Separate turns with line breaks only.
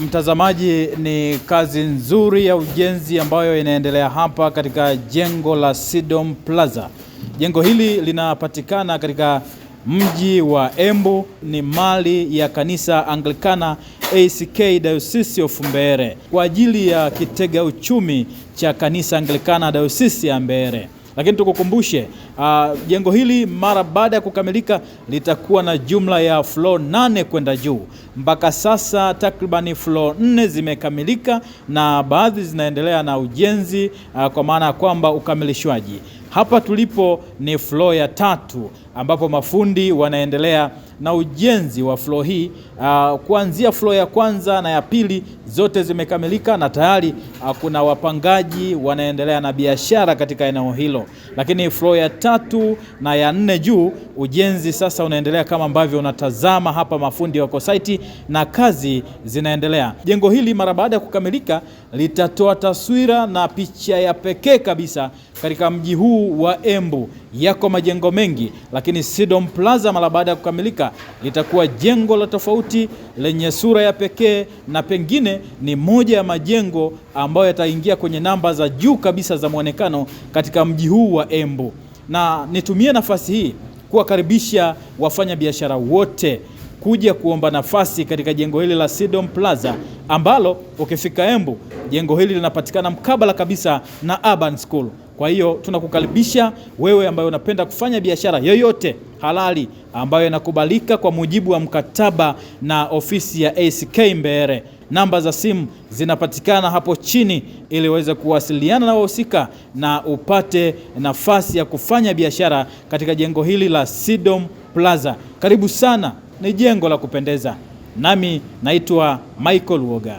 Mtazamaji, ni kazi nzuri ya ujenzi ambayo inaendelea hapa katika jengo la Sidom Plaza. Jengo hili linapatikana katika mji wa Embu, ni mali ya kanisa Anglikana ACK Diocese of Mbeere kwa ajili ya kitega uchumi cha kanisa Anglikana Diocese ya Mbeere. Lakini tukukumbushe uh, jengo hili mara baada ya kukamilika litakuwa na jumla ya floor nane kwenda juu. Mpaka sasa takribani floor nne zimekamilika na baadhi zinaendelea na ujenzi uh, kwa maana ya kwamba ukamilishwaji. Hapa tulipo ni floor ya tatu ambapo mafundi wanaendelea na ujenzi wa floor hii uh, kuanzia floor ya kwanza na ya pili zote zimekamilika na tayari uh, kuna wapangaji wanaendelea na biashara katika eneo hilo, lakini floor ya tatu na ya nne juu ujenzi sasa unaendelea kama ambavyo unatazama hapa, mafundi wako site na kazi zinaendelea. Jengo hili mara baada ya kukamilika litatoa taswira na picha ya pekee kabisa katika mji huu wa Embu. Yako majengo mengi, lakini Sidom Plaza mara baada ya kukamilika litakuwa jengo la tofauti lenye sura ya pekee, na pengine ni moja ya majengo ambayo yataingia kwenye namba za juu kabisa za mwonekano katika mji huu wa Embu. Na nitumie nafasi hii kuwakaribisha wafanyabiashara wote kuja kuomba nafasi katika jengo hili la Sidom Plaza ambalo ukifika Embu jengo hili linapatikana mkabala kabisa na Urban School. Kwa hiyo tunakukaribisha wewe ambaye unapenda kufanya biashara yoyote halali ambayo inakubalika kwa mujibu wa mkataba na ofisi ya ACK Mbeere. Namba za simu zinapatikana hapo chini ili uweze kuwasiliana na wahusika na upate nafasi ya kufanya biashara katika jengo hili la Sidom Plaza. Karibu sana, ni jengo la kupendeza. Nami naitwa Michael Woga.